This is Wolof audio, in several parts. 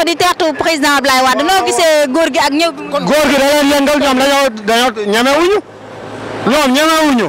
di teertu président Ablaye Wade noo gisee góor gi ak ñëw góor gi da leen yëngal ñoom dañoo dañoo ñemewuñu ñoom ñemewuñu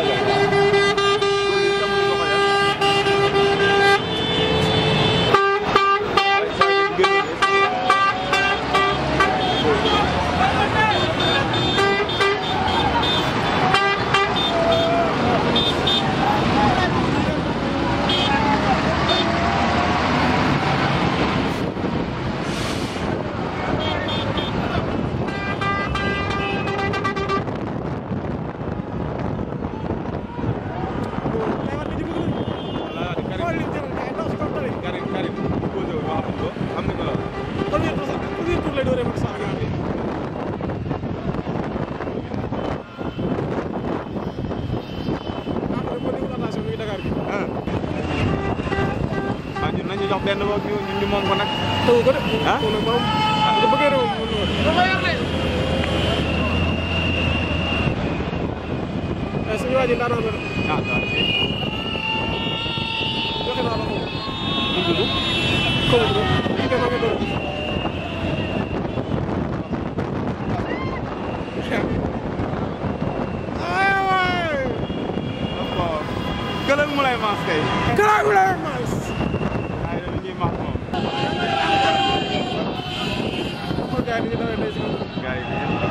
Thank you. ak ñun ñu moom ko nag. tëw ko de. ah tëw na borom ah nga bëggee réew mi mën eh, suñu waa ji daa doon rek. ah daa doon rek. joxe naa la ko. mu dund. kaw bi ñu koy mën a Kalangulay Mas kay. Kalangulay Mas. Ndiaye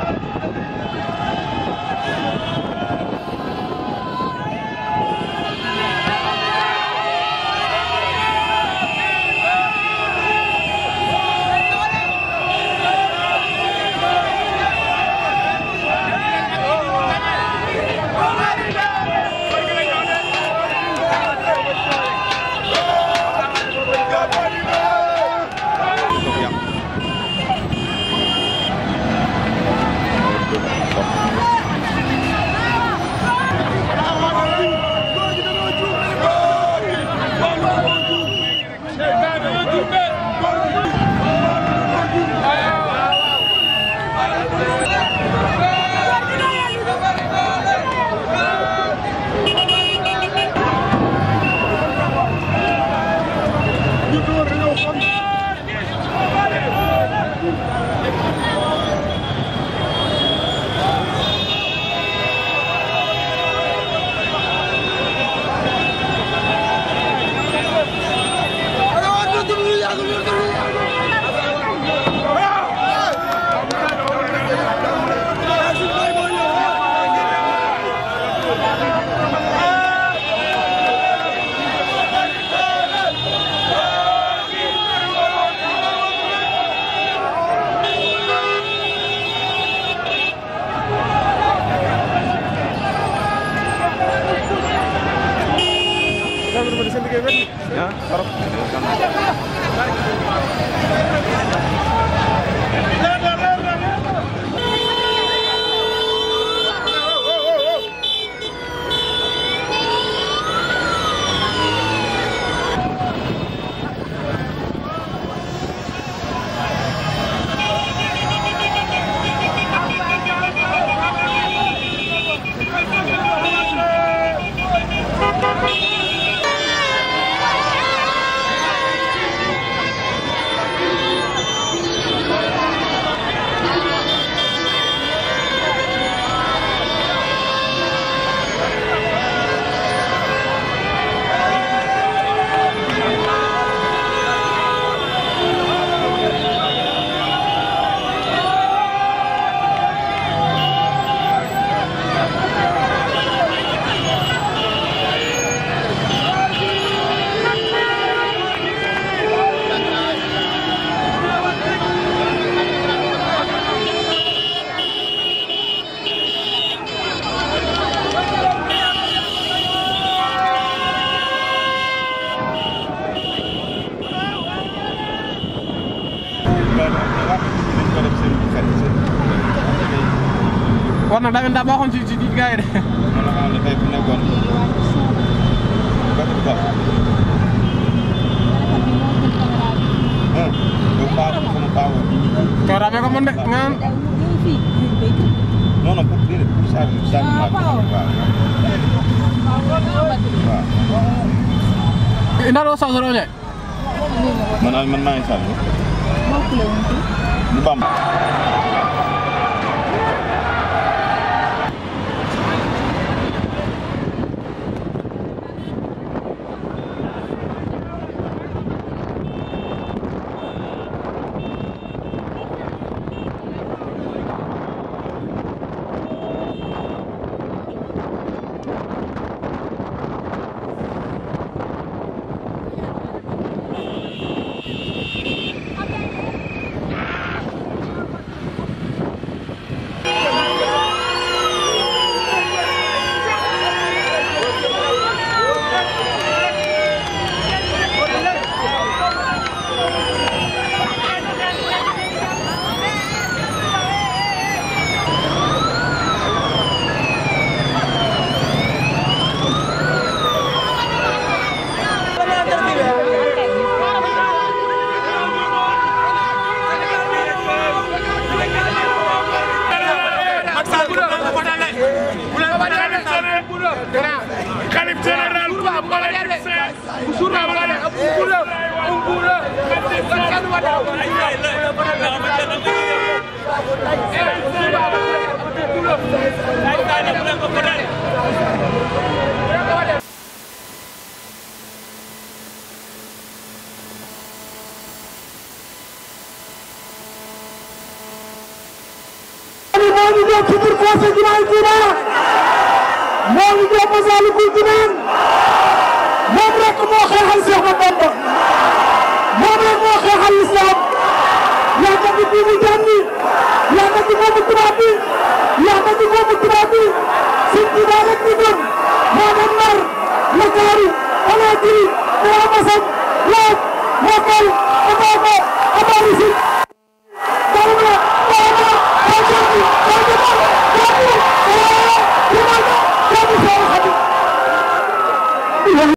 ah maa xam ci ci gars de. man la maa dafay nekkoon. bëgg ko. ah. yow baaxul sama baaxul. yow ràmmee ko de nga naan. non non pour déedéet pour saa bi saa bi maa ko waaw. waaw. ndax doo saa su roñee. man général Pour conseil du Maïkouba moo ñu jox Masaalikul Jinaan moom rek moo xeexal Seex ma Bamba moom rek moo xeexal lislaam yaa dagg buumu jaam bi yaa dagg buumu tubaab bi yaa dagg buumu tubaab bi Sëñ Tuubaa rek ñu gëm moo dem Ndar Ndakaaru Alaajiri Daaru Muxti Loob Mbacké Abaaba Abarisik